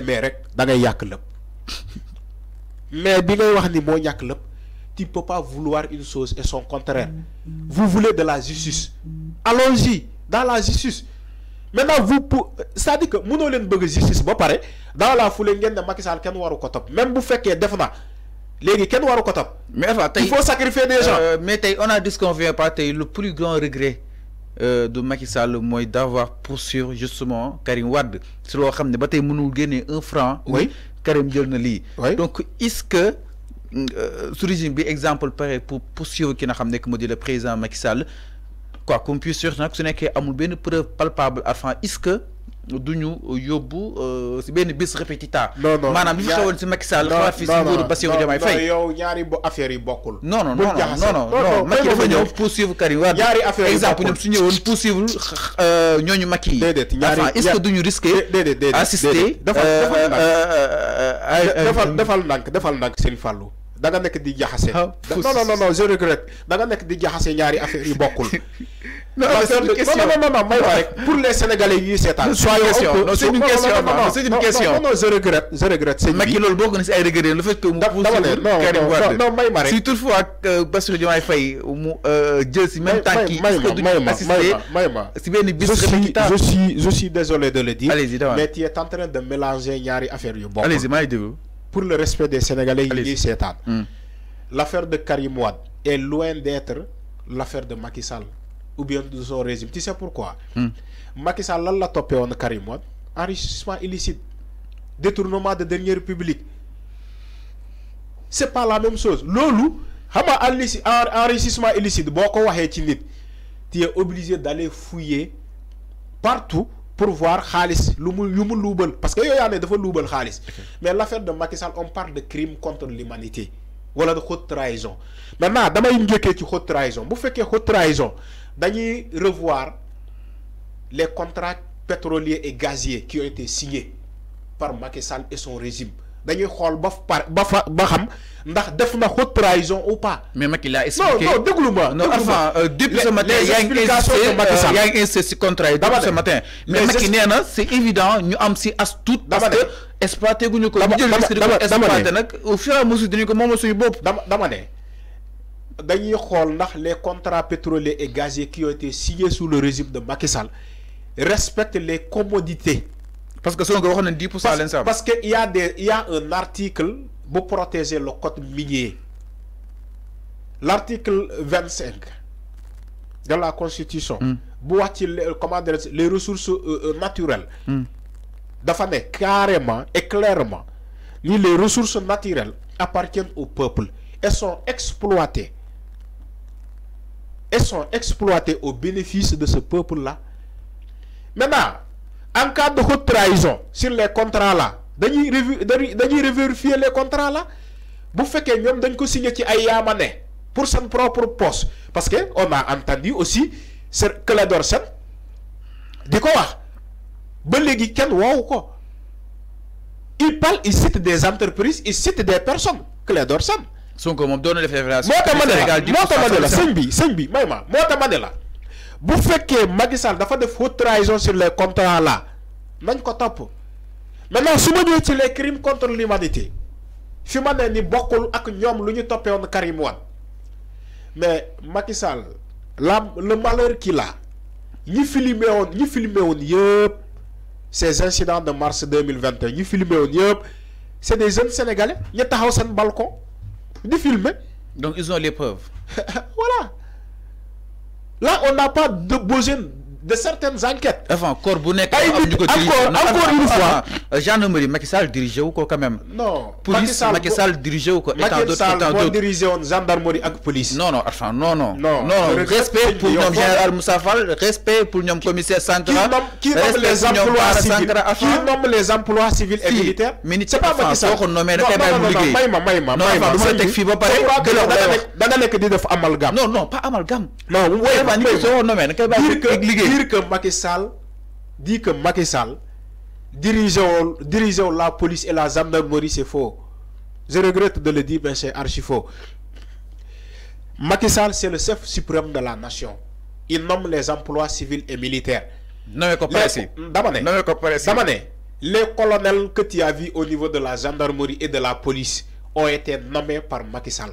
mais rek da ngay yàq club. mais bi ngay wax ni tu peux pas vouloir une chose et son contraire vous voulez de la justice allons-y dans la justice maintenant vous pour c'est-à-dire que mënoo leen bëgg justice ba pareil dans la foulée ngeen ne Macky Sall kenn waru ko même bu faites def na Les kenn waru ko topp mais il faut sacrifier des gens euh, mais on a dit qu'on vient pas le plus grand regret euh, de Macky Sall moi, d'avoir poursuivi justement Karim Wade si lo xamné de mënul un franc. oui Karim jël na donc est-ce que euh, sur régime bi exemple pour poursuivre ki n'a xam le président Macky Sall quoi qu'on puisse dire nag su nekkee amul ben preuve palpable afin est-ce que. du ñu yóbbu si benn bis répétita. non non maanaam li xewoon si Macky Sall. xalaat fi si nguuru Bassirou Diomaye yow ñaari affaire yi bokkul. non non non non non Macky dafa ñëw poursuivre Karim Wade. ñaari affaires yi exemple ñoom su ñëwoon poursuivre ñooñu Macky yi. déedéet ñaari est-ce que duñu risquer. déedéet déedéet assister. defal defal ndànk defal ndànk Serigne Fallou. da nga nekk di jaxase. Ah, non non non je regrette da nga nekk di jaxase ñaari affaire yi bokkul. non non non non may wax rek pour les sénégalais yuy seetaan. non c'est une question c'est une question non je regrette je regrette. sëñ bi Macky loolu bokk na si ay regretté le fait que. mu pousse Karim Wade non may ma rek si toutefois euh, Bassirou Diomaye Faye mu euh, jël si même temps kii. may may ma may ma si je suis je suis désolé de le dire. allez-y mais tu es en train de mélanger ñaari affaire yu bokkul. allez-y maa ngi pour le respect des Sénégalais yi c'est hmm. l'affaire de Karim Wade est loin d'être l'affaire de Macky Sall ou bien de son régime tu sais pourquoi hmm. Macky Sall lan la topé en Karim Wade enrichissement illicite détournement de deniers publics c'est pas la même chose Lolo, enrichissement illicite tu es obligé d'aller fouiller partout voir voir lu mu yu parce que yoyane a dafa loubal Khalis. mais l'affaire de Macky on parle de crimes contre l'humanité voilà de haute trahison maintenant damay njëkkee ci haute trahison bu que haute trahison dañuy revoir les contrats pétroliers et gaziers qui ont été signés par Macky et son régime dañuy xool ba par ba fa ba xam ndax def na haute trahison ou pas. mais Macky l'a expliqué non non déglu ma. non enfin euh, depuis ce matin yaa ngi insisté yaa ngi insisté si contrat yi depuis ce matin. mais Macky nee na c' est évident ñu am si as parce que exploité guñu ko. dama dama dama exploité nag au fur et à mesure dañu ko moom suñu bopp. dama dama ne dañuy xool ndax les contrats pétroliers et gaziers qui ont été signés sous le régime de Macky Sall respectent les commodités. Parce que parce, qu'il y, a y a un article pour protéger le code minier. L'article 25 de la Constitution, hmm. comment les ressources euh, euh, naturelles, hmm. carrément et clairement, les ressources naturelles appartiennent au peuple. Elles sont exploitées. Elles sont exploitées au bénéfice de ce peuple-là. Maintenant, en cas de haute trahison sur les contrats là dañuy revu dañuy revérifier les contrats là bu féké ñom dañ ko signé ci ay yaama ne pour son propre poste parce que on a entendu aussi Sir Clédor Sène diko wax ba légui kenn woowu ko il parle il cite des entreprises il cite des personnes Clédor Sène. Sonko mom doon na def révélation moo tax ma la moo tax ma la bi sëñ bi may ma la bu fekkee Macky Sall dafa de haute trahison sur les contrats là nañ ko top. maintenant su ma ñëwee les crimes contre l'humanité fi ma ne ni bokkul ak ñoom lu topé en Karim Wade mais Macky Sall la le malheur qu'il a ñi filmé on ñi filmé woon yëpp ces incidents de mars 2021, et ñi filmé woon yëpp c'est des jeunes sénégalais ñu taxaw seen balcon di filmer donc ils ont les preuves voilà. Là, on n'a pas de besoin de certaines enquêtes. encore une fois. Jean-Nomery, euh, Macky Sall dirigeait ou quoi quand même Non. Police, Macky Sall dirigeait ou quoi gendarmerie police. non non enfin non non. non respect pour nous. général Moussafal respect pour nous commissaire Sankara. qui nomme les emplois civils qui nomme les emplois civils et militaires. c'est pas Macky Sall non, non, non, non, non, non non non non non non pas amalgame. non non, non, non, non dire que Macky Sall dit que dirigeant, dirigeant la police et la gendarmerie, c'est faux. Je regrette de le dire, mais c'est archi faux. Macky Sall, c'est le chef suprême de la nation. Il nomme les emplois civils et militaires. Non, mais Damane, les colonels que tu as vus au niveau de la gendarmerie et de la police ont été nommés par Macky Sall.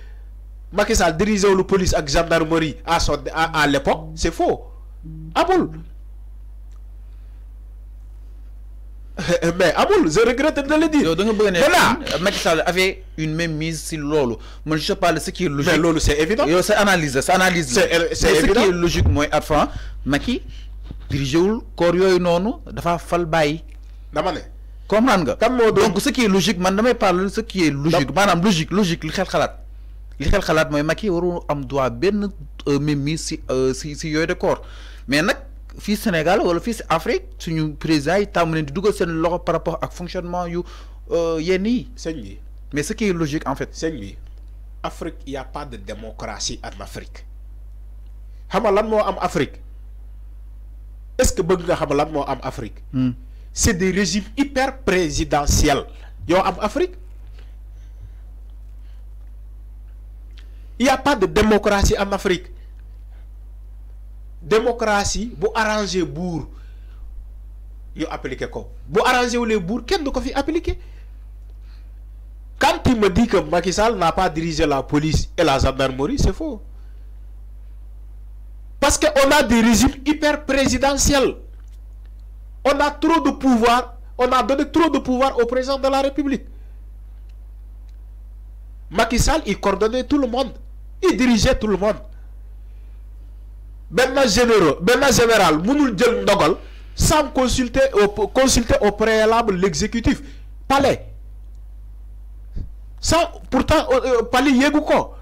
Macky dirigeait la police avec gendarmerie à, à, l'époque, c'est faux. Aboul. Mais Aboul, je regrette de le dire. Donc, voilà. Macky avait une même mise sur Lolo. Moi, je parle de ce qui est logique. Lolo, c'est évident. C'est analyse, c'est analyse. C'est évident. Euh, ce qui est logique, moi, enfin, Macky le corps yoyu nonu dafa fal bayi dama tu comprends nga donc ce qui est logique man parle de ce qui est logique madame logique logique logique, li xel xalaat mooy Macky waru am droit benn euh, mainmise si euh, si si yooyu de corps mais nag fii Sénégal wala fii si Afrique suñu président yi tàmm leen di dugal loxo par rapport ak fonctionnement yu euh, yenn yi. sëñ bi mais ce qui est logique en fait. sëñ bi Afrique y' a pas de démocratie en Afrique xam nga lan moo am Afrique est ce que bëgg nga xam lan moo am Afrique. Hmm. c'est des régimes hyper présidentiels yoo am Afrique. il n'y a pas de démocratie en Afrique démocratie vous arrangez buur y appliquer quoi? vous arrangez les buur Quand quand il me dit que Macky Sall n'a pas dirigé la police et la gendarmerie c'est faux parce qu'on a des régimes hyper présidentiels on a trop de pouvoir on a donné trop de pouvoir au président de la République Macky Sall il coordonnait tout le monde il dirigeait tout le monde benn généraux générale général mënul jël ndogal sans consulter au consulter au préalable l'exécutif palais sans pourtant euh, euh, palais yéegu ko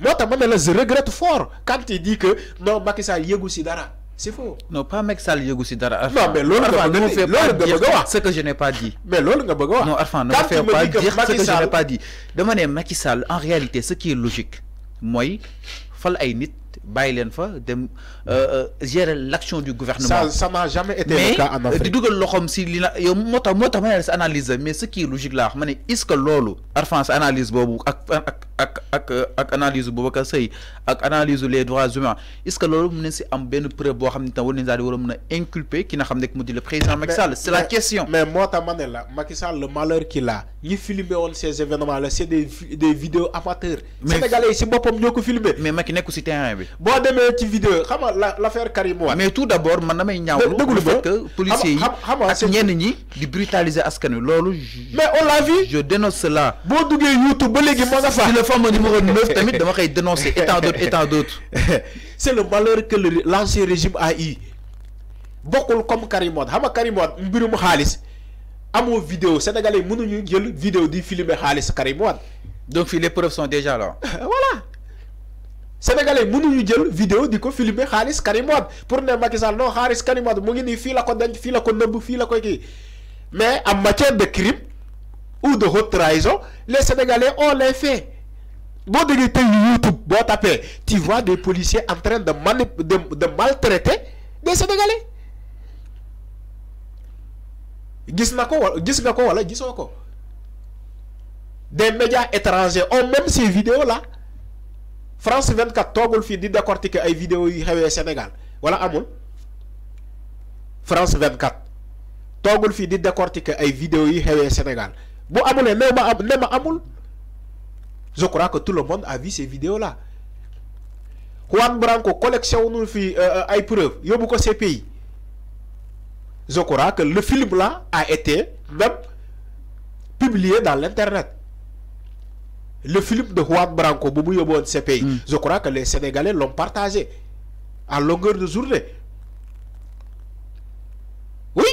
moo tax je regrette fort quand il dit que non Macky Sall sidara c'est faux. non pas Macky Sall yëgu si dara. non mais loolu nga bëgg loolu nga wax ce que je n'ai pas dit. mais loolu nga bëgg wax. non Arfan ne me fais pas dire ce que je n'ai pas dit. dama ne Macky Sall en réalité ce qui est logique moi fal ay nit bàyyi leen fa dem euh, euh, gérer l'action du gouvernement. ça ça n'a jamais été le cas en Afrique mais di dugal loxoom si li moi yow moo analyse mais ce qui est logique là wax est-ce que loolu. Arfan analyse ak ak analyse droits humains est ce que l'on inculper le président Macky Sall. la question mais moi, ta suis là le malheur qu'il a ñi filmé woon ces événements là c'est des des vidéos amateurs. sénégalais yi si boppam ñoo ko filmé. mais Macky nekku ci terrain bi. bo démé ci vidéo xam nga la Karim Wade. mais tout d'abord abord man damay ñaawlu. dëgg lu fekk policiers yi ak ñenn ñi di brutaliser askan wi loolu. mais on l'a vu. je dénonce cela. bo duggé YouTube ba légui ma nga fa. si le fameux numéro 9 tamit dama koy dénoncer état d'autre état d'autre c'est le malheur que l'ancien régime a eu bokul comme Karim Wade xam nga Karim Wade mbirum xaliss amo vidéo sénégalais ñu jël vidéo di filmer xaliss Karim donc fi les preuves sont déjà là. voilà sénégalais ñu jël vidéo di ko filmer xaliss Karim pour ne pas qu'ils non xaalis Karim Wade mo ngi ni la ko dañ la ko neub la ko qui. mais en matière de crime ou de haute trahison les sénégalais ont les faits Bon de YouTube tu vois des policiers en train de de de maltraiter des sénégalais gis gis des médias étrangers ont même ces vidéos là France 24 toogul fii di décortiquer ay vidéos yi xewé Sénégal wala amul France 24 toogul fii di décortiquer ay vidéos yi xewé Sénégal bu amulee ne ma am je crois que tout le monde a vu ces vidéos là Juan Branco collection wu euh, ñu euh, il ay preuves yobou ko pays je crois que le film là a été même publié dans l'internet. Le film de Juan Branco, Boubou de ces je crois que les Sénégalais l'ont partagé à longueur de journée. Oui.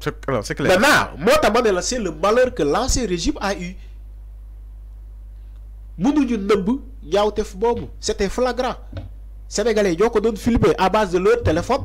C'est clair. Maintenant, moi, t'as c'est le malheur que l'ancien régime a eu. nous c'était flagrant. Sénégalais, ils ont filmé à base de leur téléphone.